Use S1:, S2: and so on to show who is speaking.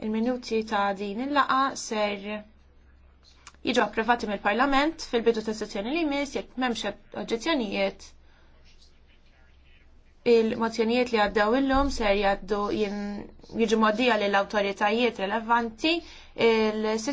S1: Il-minuti ta' din il-laqa ser jiġu approvati mill-Parlament fil-bidu ta' sezzjoni li jmiss jekk m'hemmx oġġezzjonijiet il-mozzjonijiet li għaddew illum ser jgħaddu jiġu moddija lill awtoritajiet relevanti il